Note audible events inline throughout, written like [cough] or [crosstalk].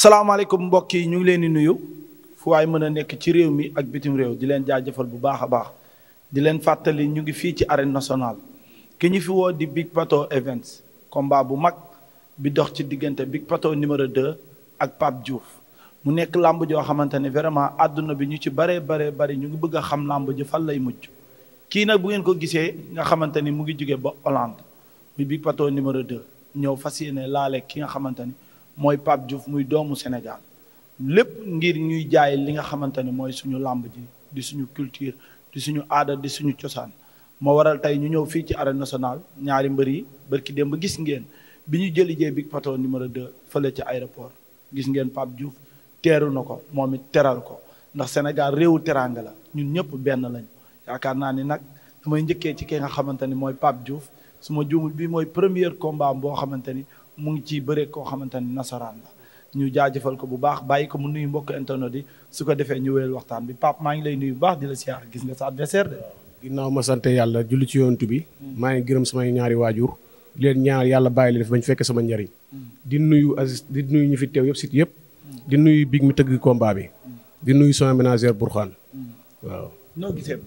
salaamaaleykum mbokk yi ñu ngi leen di nuyu fu waay mën a nekk ci réew mi ak bitim réew di leen jëfal bu baax a baax di leen fàttali ñu ngi fii ci arène national ki ñu fi woo di Big Pato Events combat bu mag bi dox ci diggante Big Pato numéro 2 ak Pape Diouf mu nekk làmb joo xamante ne vraiment àdduna bi ñu ci baree bare bari ñu ngi bëgg a xam làmb ji fan lay mujj kii nag bu ngeen ko gisee nga xamante ni mu ngi jóge ba Hollande muy Big Pato numéro 2 ñëw fas yéene laale ki nga xamante ni mooy Pape Diouf muy doomu Sénégal lépp ngir ñuy jaay li nga xamante ne mooy suñu làmb ji di suñu culture di suñu aada di suñu cosaan moo waral tey ñu ñëw fii ci arène nationale ñaari mbër yi bërki démb gis ngeen bi ñu jëli jee bi Pato numéro de fële ci aéroport gis ngeen Pape Diouf teeru na ko moom it teral ko ndax Sénégal réewu teraanga la ñun ñëpp benn lañ yaakaar naa ni nag damay njëkkee ci ki nga xamante ni mooy Pape Diouf su ma juumul bi mooy premier combat boo xamante ni mu ngi ci bëre koo xamante ne nasaraan la ñu jaajëfal ko bu baax bàyyi ko mu nuyu mbokk internet yi su ko defee ñu wéyal waxtaan bi Pape maa ngi lay nuyu bu baax di la siyaar gis nga sa adversaire de. ginnaaw ma sant yàlla julli ci yonent bi. Hmm. maa ngi gërëm samay ñaari waajur. di leen ñaar yàlla bàyyi leen fi bañ fekk sama njariñ. Hmm. di nuyu Aziz di nuyu ñu fi teew yëpp sit yëpp. Hmm. di nuyu big mi tëgg combat bi. di nuyu sama ménagère Bourkhane. waaw. noo euh,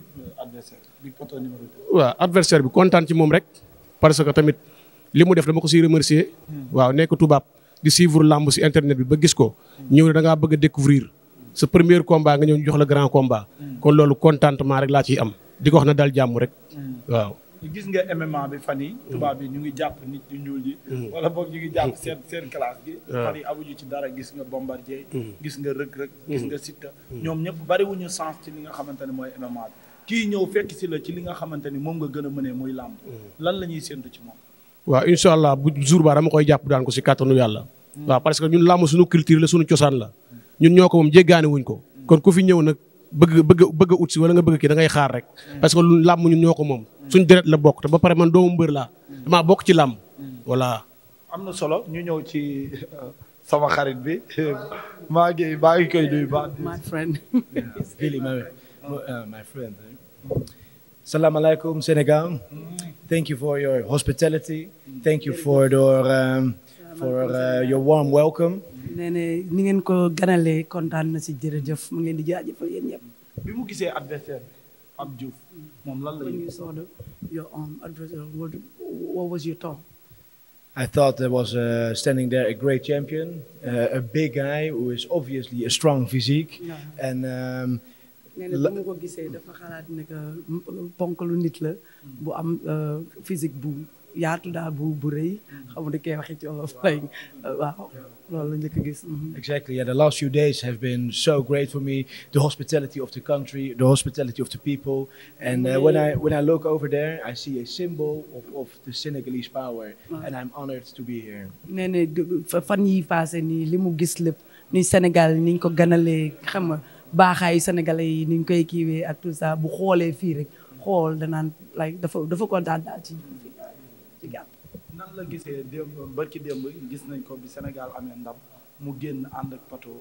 bi poto numéro 2. waaw adversaire bi kontaan ci li mu def dama ko siy remercier hmm. waaw nekk tubaab di suivre lamb si internet bi ba gis ko ñëw ne da ngaa bëgg a découvrir sa premier combat nga ñëw ñu jox la grand combat. Hmm. kon loolu contentement rek laa ciy am di ko wax na dal jàmm rek hmm. waaw. gis nga MMA bi fan yi tubaab bi ñu ngi jàpp nit ñu ñuul yi wala boog ñu ngi jàpp seen seen classe gi ah. yi amuñu ci dara gis nga bombardier gis nga Reug Reug gis nga Siteu ñoom ñëpp bariwuñu sens ci li nga xamante ne mooy MMA kii ñëw fekk si la ci li nga xamante ni moom nga gën a mënee muy làmb lan la ñuy séntu ci moom waaw incha allah bu jour baa dama koy jàpp daan ko si kàttanu yàlla. waaw parce que ñun làmm suñu culture la suñu cosaan la ñun ñoo ko moom jéggaane wuñ ko. kon ku fi ñëw nag bëgg bëgg bëgg a ut si wala nga bëgg ki da ngay xaar rek. parce que lu làmb ñun ñoo ko moom. suñu deret la bokk te ba pare man doomu mbër laa. damaa bokk ci làmb. voilà. am na solo ñu ñëw ci euh, sama xarit bi [laughs] maa ngi maa ngi koy nuyu baax. my friend. Uh, mm. Salam alaikum, Senegal. Thank you for your hospitality. Thank you for your, um, for uh, your warm welcome. nee na ni ngeen ko ganalee kontaan na si jërëjëf mu ngi leen di jaajëfal yéen ñëpp. bi mu gisee adversaire bi Pape Diouf moom lan la. when you saw the your um, adversaire what, what was your thought? I thought there was uh, standing there a great champion, uh, a big guy who is obviously a strong physique. Yeah. and um, nee na ko gisee dafa xalaat ne que ponk nit la bu am euh, physique bu yaatu daal bu bu rëy xamu ne koy waxee ci olof lay waaw loolu la njëkk gis mhm. exactly yeah the last few days have been so great for me the hospitality of the country the hospitality of the people and uh, when I look over there I see a symbol of the Senegalese power and I'm honored to be here fan yi passé nii li mu gis lépp ni ko ganalee xam baaxaayu sénégalais yi ni ñu koy kiiwee ak tout bu xoolee fii rek xool danaan like dafa dafa kontaan daal ci ci gàtt. la gisee démb barki démb gis nañ ko bi senegal amee ndam mu génn ànd ak pato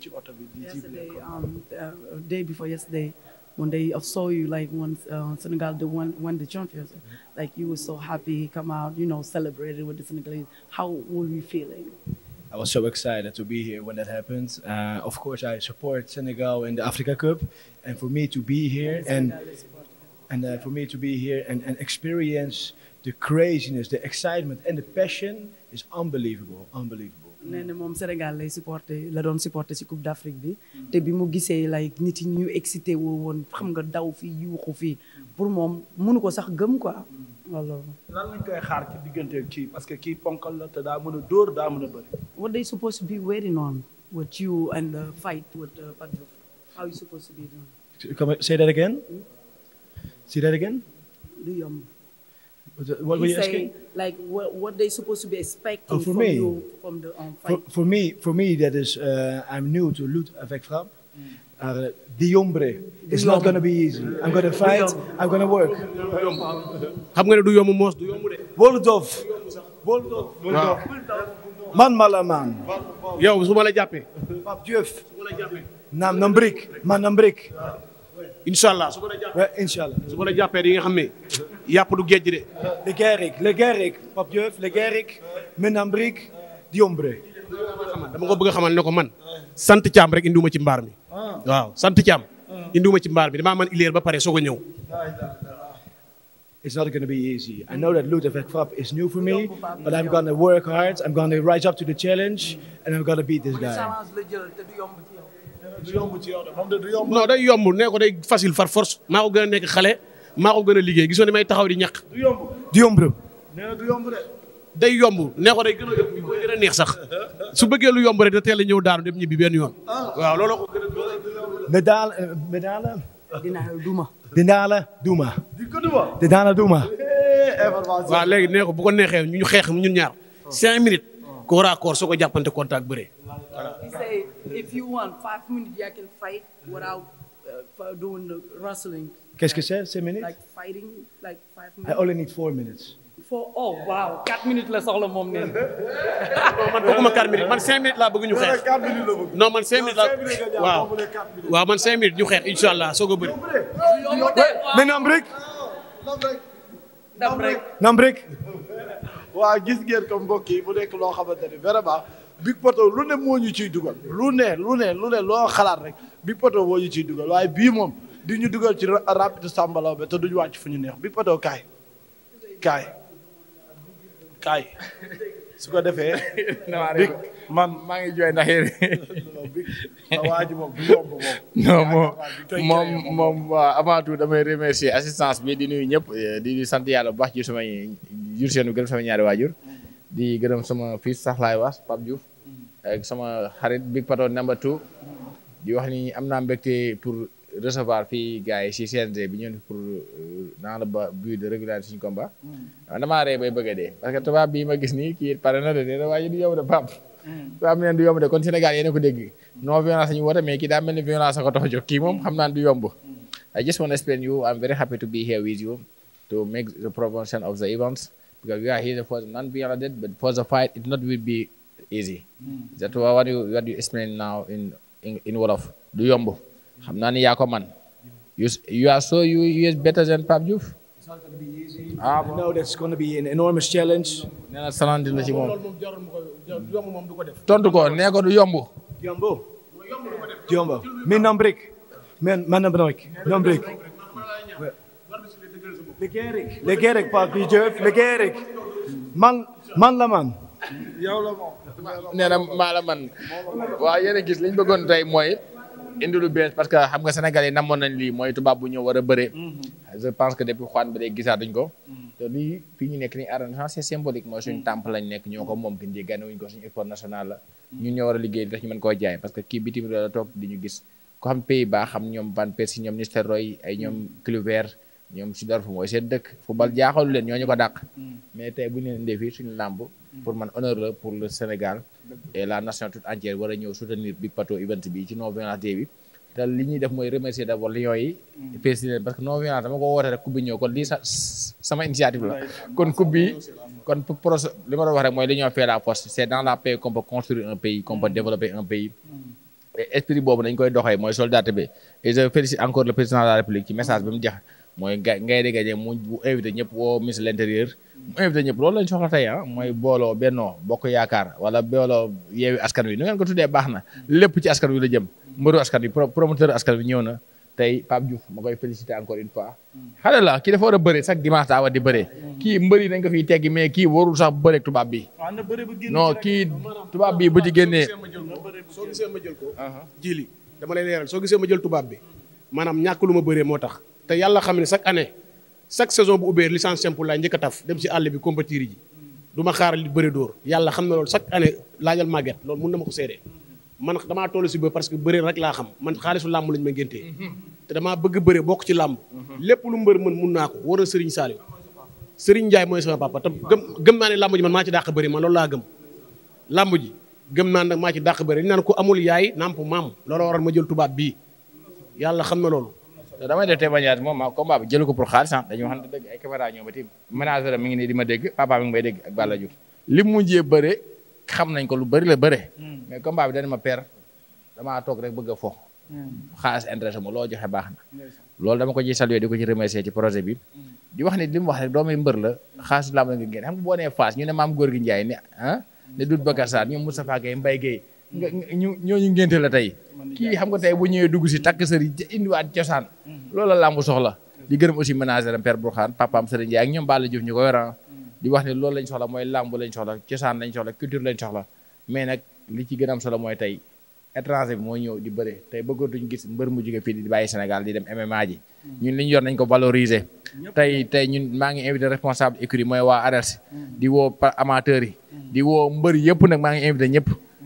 ci oto bi. di jible ko um, uh, day before yesterday when they saw you like when uh, Senegal they won, won the champions like you were so happy come out you know celebrated with the Senegalese how were you feeling. I was so excited to be here when that happened. Uh, of course, I support Senegal in the Africa Cup, and for me to be here and uh, to experience the craziness, the excitement, and the passion is unbelievable, unbelievable. na moom Sénégal lay la doon supporter ci Coupe d'Afrique bi te bi mu gisee like nit yi ñu excité woo woon xam nga daw fii yuuxu fii pour moom mënu ko sax gëm ko lan lañ koy xaar ci diggante kii parce que kii ponkal la te daa mën a dóor daa mën a bëri. what they supposed to be very normal with you and the fight with uh, Pape Diouf how you supposed to be doing. come say that again. Hmm? say that again. du yomb. what were you asking? like what, what they supposed to be expecting. Oh, for from me you, from the um, fight. For, for me for me that is uh, I'm new to lutte avec frappe. Mm. Uh, the hombre. It's not going to be easy. I'm going to fight. I'm going to work. xam nga ne du yomb moos du yomb de. wóolu doof. wóolu doof. waaw man ma la maan. yow su ma la jàppee. Pape Diouf. naam na mbrik man na mbrik. incha allah su ma la jàppee incha allah su ma la jàppee di nga xam ne yàpp du géej de. le guerrier le guerrier Pape Diouf le guerrier man na mbrik di hombre. dama ko bëgg a xamal ne ko man sant caam rek indiwuma ci mbaar mi. Ah. waaw sant Thiam. Hmm. ma ci mbaar bi damaa mën ileer ba pare soog a ñëw. It's not going to be easy. I hmm. know that Ludovic Fab is new for me, day yomb nee ko day facile far force maa ko gën a nekk xale maa ko gën a liggéey gis nga may taxaw di ñàq. du yomb yomb de. day yomb nee ko day gën a neex sax [laughs] su bëggee lu yomb rek da teel a ñëw daanu dem ñibbi benn yoon. Ah. dinaa eh, la dinaa la. dinaa la duma. dinaa la duma. dinaa la duma. Eh, eh, waaw léegi nee ko bu ko neexee ñu xeex ñun ñaar cinq minutes. corps à soo ko jàppante contact bëree. voilà he say if you want five quest que c'est? Cinq minutes? I only need four minutes. Oh, la soxla man bëgguma quatre minutes man cinq minutes laa bëgg ñu xeex. non man cinq minutes laa waaw waaw man cinq minutes ñu xeex incha allah soog a bëri. mais naam rek. naam gis ngeen ko mbokk yi mu nekk loo xamante ni vraiment Big Pato lu ne moo ñu dugal. lu ne lu ne lu ne loo xalaat rek Big Pato moo ñu dugal waaye bii moom. di ñu dugal ci rapide sàmbalaw bi te duñu wàcc fu ñu neex bi poto kaay kaay kaay su ko defee. [laughs] big man maa ngi jooy ndax yéen. waaj moom du moom. moom waa avant tout damay remercier assistance bi di nuy ñëpp di sant yàlla bu baax ci sama jur seen gërëm sama ñaari waajur. di gërëm sama fils sax laay wax Pape Diouf. Mm. sama xarit Big Pato number two di wax ni am naa mbégte pour. recevoir fii gars yi si CNG bi ñëw pour dans euh, le but de régulariser suñu combat. Mm. Ah, damaa ree bay a dee parce que tubaab bii ma gis ni kii pare na de nee na waaye du yomb de Pape. Mm. tubaab neen du yomb de kon Sénégal yéen a ko dégg. non violence ñu woote mais kii daa mel ni violence a ko a jóg kii moom mm. xam naa du yomb. I just want to explain you I'm very happy to be here with you to make the promotion of the events because we are here for the non-violent but for the fight it not will be easy. Mm. That's what you what yomb. xam naa ni yaa ko man you you are so you you is better than Pape Diouf. ah bon I know that's going to be an enormous challenge. nee na salante la ci moom. tontu ko nee ko du yomb. yombo. yombo mi nam break. man man nam break. nam break. liggéey rek. liggéey rek Pape Diouf liggéey rek. man man la man. yow la moom. nee na maa la man. waaw yéen a gis li ñu bëggoon tey mooy. indi lu bees parce que xam nga Sénégal yi namoon nañ lii mooy tubaab bu ñëw war a bëree. Mhm. je pense que depuis xwaan ba léegi gisaatuñ ko. Mhm. lii fii ñu nekk nii arène nationale c'est symbolique mooy suñu mhm. temple lañ nekk ñoo ko moom fi ñu gane wuñ ko suñu effort national la. ñun ñoo war a liggéey daf ñu mën koo jaay parce que kii bitim réew la toog di ñu gis. ko xam Pays-Bas xam ñoom Van Persie ñoom Nistelrooy ay ñoom Kluivert ñoom Seedorf mooy seen dëkk football jaaxalu leen ñoo ñu ko dàq. mais tey bu ñu leen indee fii suñu làmb. pour man honneur pour le Sénégal et la nation toute entière war a ñëw soutenir Big Pato event bi ci non violence day bi te li ñuy def mooy remercier d' abord lions yi. président mm. parce que non violence dama ko woote rek coupe bi ñëw kon lii sa sama initiative la kon coupe bi kon projet li wax rek mooy l'union fait la force c' dans la paix qu'on peut construire un pays qu'on peut mm. développer un pays. Mm. esprit boobu nañ koy doxee mooy soldat bi et je félicite encore le président la république ci message mooy ga ngay di gañe mu invité ñëpp woo ministre de l'intérieur mu invité ñëpp loolu lañ soxla tey ah mooy booloo bennoo bokk yaakaar wala booloo yeewi askan wi nu ngeen ko tuddee baax na lépp ci askan wi la jëm mbëru askan wi promoteur askan wi ñëw na tey Pape Diouf ma koy féliciter encore une fois xale la kii dafa war a bëre chaque dimanche daa war di bëre kii mbëri nañ ko fiy teggi mais kii warul sax bëre tubaab bi non kii tubaab bi bu ci génnee soo gisee ma jël ko uh-huh. dama lay soo gisee ma jël tubaab bi maanaam ñàkk lu ma bëree moo tax te yàlla xam ne chaque année chaque saison bu ubbee licence simple laay njëkk a taf dem si àll bi compétir ji du ma xaar li bëri dóor yàlla xam na loolu chaque année laajal màgget loolu mun na ma ko seedee man damaa toll si ba parce que bëri rek laa xam man xaalisu làmb lañ ma ngéntee te damaa bëgg bëri bokk ci làmb lépp lu mbër mën mun naa ko war a Serigne Saliou Serigne Ndiaye mooy sama papa te gëm gëm naa ne làmb ji man maa ci dàq bëri ma loolu laa gëm làmb ji gëm naa nag maa ci dàq bëri dañ naan ko amul yaay namp maam loolu waral ma jël tubaab bii yàlla xam na loolu damay def témoignage moom ma combat bi jëlu ko pour xaalis ah dañuy waxante ngi nii di ma dégg papa mi ngi may dégg ak Balla Diouf li mu mujjee bëre xam nañ ko lu bëri la bëre. Hmm. mais combat bi dañ ma per damaa toog rek bëgg a fo. Hmm. xaalis intéressé ma loo joxe baax na. loolu dama ko ciy saluer di ko ci remercier ci projet bi. Hmm. di wax ni li wax rek doomu mbër la xaalis laa am nga génn xam nga boo nee Fass ñu ne maam góor gi Ndiaye ne ah. ne Doudou Bakar Sarr ñoom Moustapha Gueye Mbaye Gueye nga ñu ñooñu ngénte la tey kii xam nga tey bu ñëwee dugg si takk sëriñ indiwaat cosaan mhm. loolu lamb làmb soxla di gërëm aussi ménager am père Bourkhane papaam sëriñ Ndiaye ak ñoom Balla Diouf ñu ko yoran ah. mhm. di wax ne loolu lañ soxla mooy làmb lañ soxla cosaan lañ soxla culture lañ soxla mais nag li ci gën a am solo mooy tey étranger bi moo ñëw di bëre tey bëggatuñ gis mbër mu jóge fii di bàyyi Sénégal di dem MMA ji mhm. ñun ni ñu yor nañ ko valoriser tey tey ñun maa ngi invité responsable écurie mooy waa ARELS di woo amateur yi di woo mbër yëpp nag maa ngi invité ñëpp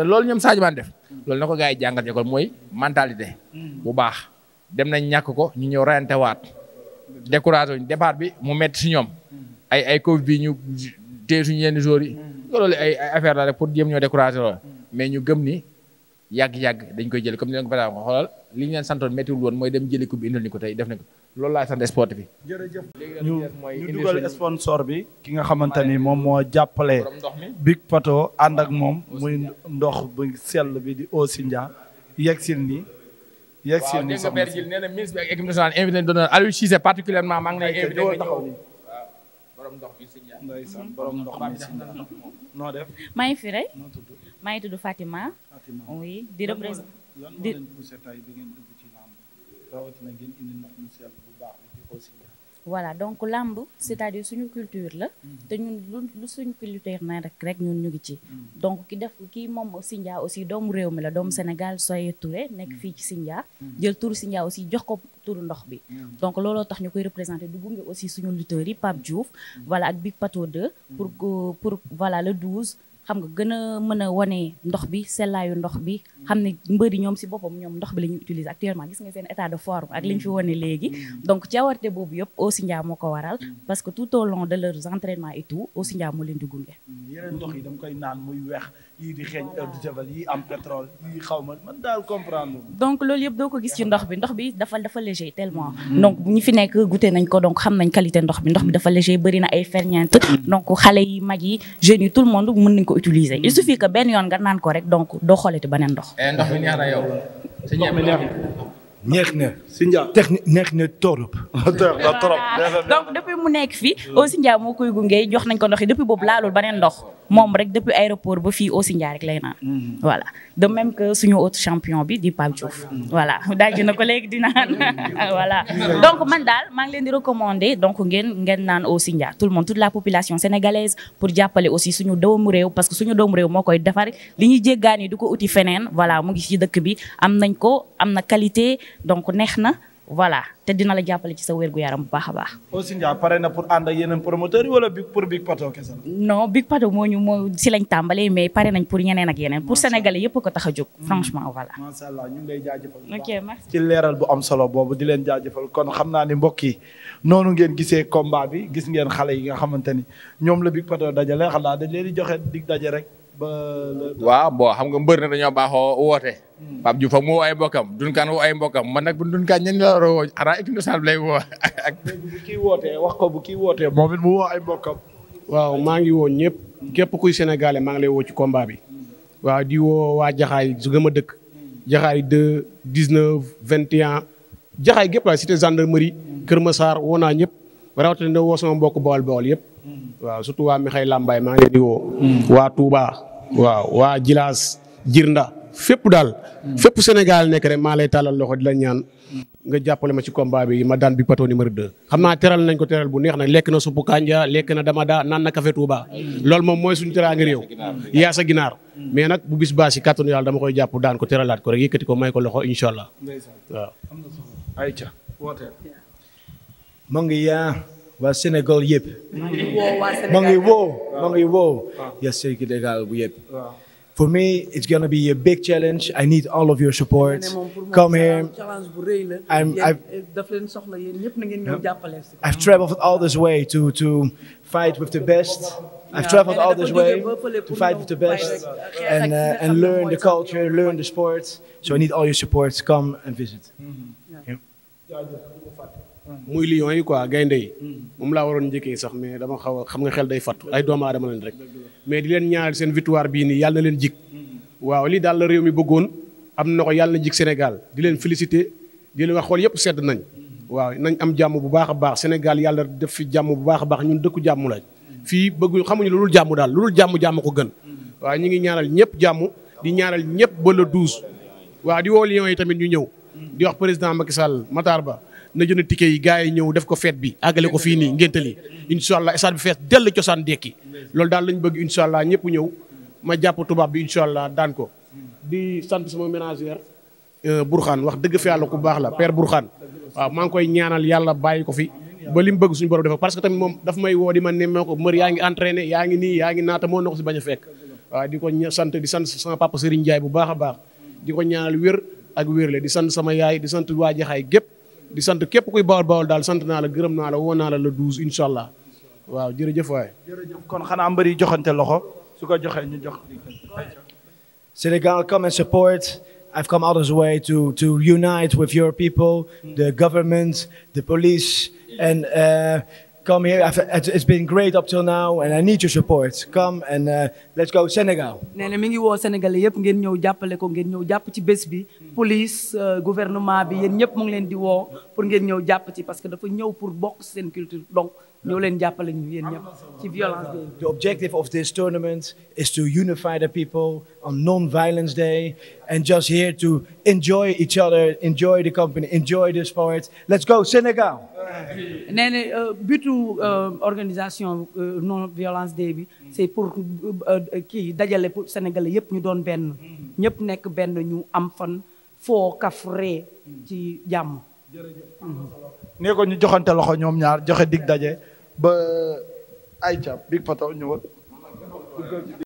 te loolu ñoom Sadio Mané def loolu na ko gars yi jàngal ñu ko mooy mentalité mm. bu baax dem nañ ñàkk ko ñu ñëw rayante waat découragé wuñ départ bi mu metti si ñoom mm. ay ay Covid bi ñu téye suñu yenn jours yi mm. loolu ay affaire la rek pour jéem ñoo découragé mais ñu gëm ni yàgg-yàgg dañ koy jël comme ni nga ko xoolal li ñu leen santoon méttiwul woon mooy dem jëli ko bi indil ko tey def nañ ko loolu laay sant sport bi. jërëjëf ñu ñu dugal sponsor bi. ki nga xamante ni moom moo jàppale. Big Pato ànd ak moom. muy ndox bu sell bi di Osinja. yegg si nii. yegg si nii soxna si waaw dégg nga na ministre bi ak équipe nationale invité nañu doon Aliou Cissé particulièrement maa ngi lay invité nga ndox bi Sindia. ndeysaan ndox mi Sindia. noo def. maa ngi fi tudd Fatima. di voilà donc làmb c'est-à-dire suñu culture la mm-hmm. te ñun lu suñu culture na rek rek ñun ñu ngi ci mm-hmm. donc ki def kii moom Sindia aussi doomu réew mi la doomu mm-hmm. Sénégal Soye Touré nekk fii ci Sindia jël turu Sindia aussi jox ko turu ndox bi donc looloo tax ñu koy représenté du gunge aussi suñu lutteurs yi Pape juuf voilà ak Big Pato 2 pour pour voilà le 12 xam nga gën a mën a wane ndox bi sellaayu ndox bi xam ne mbëri ñoom si boppam ñoom ndox bi la ñuy utiliser actuellement gis nga feen état de forme ak li ñu fi wane léegi donc jawarte boobu yëpp Aussi Ndia ko waral parce que tout au long de leurs entraînements et tout Aussi Ndia moo leen di gunge yeneen yi dama koy naan muy yii di xeeñ eau donc loolu yëpp doo ko gis ci ndox bi ndox bi dafa dafa léger tellement. Mm-hmm. donc ñi fi nekk goûté nañ ko donc xam nañ qualité ndox bi ndox bi dafa léger bëri na ay ferñeent. Mm-hmm. donc xale yi mag yi jeunes yi tout le monde mën nañ ko utiliser. il mm-hmm. suffit que benn yoon nga naan ko rek donc doo xoolati beneen ndox. Eh, ndox mi neex na yow. neex na Sindia technique [laughs] [laughs] neex na torop. donc depuis mu nekk fii au Sindia moo koy gunge jox nañ ko ndox yi depuis boobu laalul beneen ndox moom rek depuis aéroport ba fii au Sindia rek lay naan. Mm-hmm. voilà que suñu autre champion bi di Pape Diouf. Mm-hmm. voilà [laughs] daaj na ko léegi di naan voilà donc man daal maa ngi leen di recommander donc ngeen ngeen naan au Sindia tout le monde toute la population sénégalaise pour jàppale aussi ñu doomu réew parce que suñu doomu réew moo koy defar li ñuy jéggaani du ko uti feneen voilà mu ngi ci dëkk bi am nañ ko am na qualité. donc neex na voilà te dina la jàppale ci sa wérgu yaram bu baax a baax. aussi Ndiaye pare na pour ànd ak yeneen promoteurs yi wala pour Big Pato kese la. non Big Pato moo ñu moo si lañ tàmbalee mais pare nañ pour ñeneen ak yeneen. pour sénégalais yëpp ko tax a jóg. Mm. franchement voilà. macha allah ñu ngi lay jaajëfal. ok leeral bu am solo boobu di leen jaajëfal kon xam naa ni mbokk yi noonu ngeen gisee combat bi gis ngeen xale yi nga xamante ni ñoom la Big Pato dajale xam naa dañ leen di joxe dig daje rek. waaw bo xam nga mbër na a baaxoo woote. Hmm. Pape Diouf fa mu woo ay mbokkam Dunkaan woo ay mbokkam man nag bu Dunkaan ñenn la war a woo xanaa équipe nationale bi [laughs] bu kii wootee wax ko bu kii wootee moom it mu woo ay mbokkam. waaw maa ngi woon ñëpp képp kuy sénégalais maa ngi lay woo ci combat bi. waaw di woo waa Jaxaay su gëm dëkk. Jaxaay deux dix neuf vingt et un Jaxaay gépp la cité gendarmerie. Kër Massar woo naa ñëpp. rawatina na woo sama mbokk bawal bawal yëpp hmm. waaw surtout waa Mekhay Lambaye maa ngi leen di woo hmm. waa Touba waaw waa Jilaas Jirnda fépp daal hmm. fépp Sénégal nekk rek maa lay tàllal loxo di la ñaan nga jàppale ma ci combat bi ma daan bi pato numéro 2 xam naa teral nañ ko teral bu neex na lekk na suppu kanja lekk na dama daa naan na café Touba loolu moom mooy suñu teraa ngi réew yaa sa ginaar mais nag bu bis baa si kàttanu yàlla dama koy jàpp daan ko teralaat ko rek yëkkati ko may ko ma ngi yaa waa Sénégal yëpp. ma ngi woo ma ngi woo. ya Sénégal bu yëpp. For me, it's going to be a big challenge. I need all of your support. Come here. I'm, I've, I've traveled all this way to, to fight with the best. I've traveled all this way to fight with the best and, uh, and learn the culture, learn the sport. So I need all your support. Come and visit. Mm-hmm. Yeah. muy lion yi quoi gaynde yi hmm. moom laa waroon njëkkee sax mais dama xaw a xam nga xel day fattu ay doomu aadama lañ rek mais di leen ñaanal seen victoire bii nii yàlla na leen jik hmm. waaw lii daal la réew mi bëggoon am na ko yàlla na jik Sénégal di leen félicité di leen wax xool yëpp sedd nañ hmm. waaw nañ am jàmm bu baax a baax Sénégal yàlla def fi jàmm bu baax a baax ñu dëkku jàmm lañ fii bëgguñu xamuñu loolu jàmm daal loolu jàmm jàmm ko gën waaw ñu ngi ñaanal ñëpp jàmm di ñaanal ñëpp ba le douze waaw yi tamit ñu ñëw di wax président Macky Sall Matar Ba na jënd ticket yi gars yi ñëw def ko feet bi àggale ko fii nii ngéntali incha allah stade bi fees dell cosaan dekki loolu daal lañ bëgg incha allah ñëpp ñëw ma jàpp tubaab bi incha allah daan ko di sant sama ménagère euh, Bourkhane wax dëgg fi yàlla ku baax la père Bourkhane waaw maa ngi koy ñaanal yàlla bàyyi ko fi ba li mu bëgg suñu borom defa moom daf may woo ma nemmee ko yaa ngi entraîné yaa ngi nii yaa ngi naata moo na a fekk ko sant di sant sama papa Serigne bu baax a baax di ko ñaanal wér ak wérle di sant sama yaay di sant waa Jaxaay gépp di sant képp kuy bawal bawal daal sant naa la gërëm naa la woo naa la le douze incha allah waaw jërëjëf waay. jërëjëf kon xanaa mbëri joxante loxo su ko joxee ñu jox. Senegal come and support. I've come all this way to to unite with your people, the government, the police, and. Uh, come here. I've, it's been great up till now, and I need your support. Come and uh, let's go Senegal. nee ne mi ngi woo Sénégalais yëpp ngeen ñëw jàppale ko ngeen ñëw jàpp ci bés bi. police euh, gouvernement bi yéen ñëpp mu ngi leen di woo pour ngeen ñëw jàpp ci parce que dafa ñëw pour bokk seen culture donc ñëw leen jàppale ñu yéen ñëpp ci violence bi. The objective of this tournament is to unify the people on non-violence day and just here to enjoy each other, enjoy the company, enjoy the sport. Let's go Senegal. nee na eh, butu eh, organisation eh, non violence day bi c'est pour kii dajale pour sénégalais yëpp ñu doon benn ñëpp nekk benn ñu am fan foo kaf ree ci jàmm nee ko ñu joxante loxo ñoom ñaar joxe dig daje ba ay ca big pato ñëwal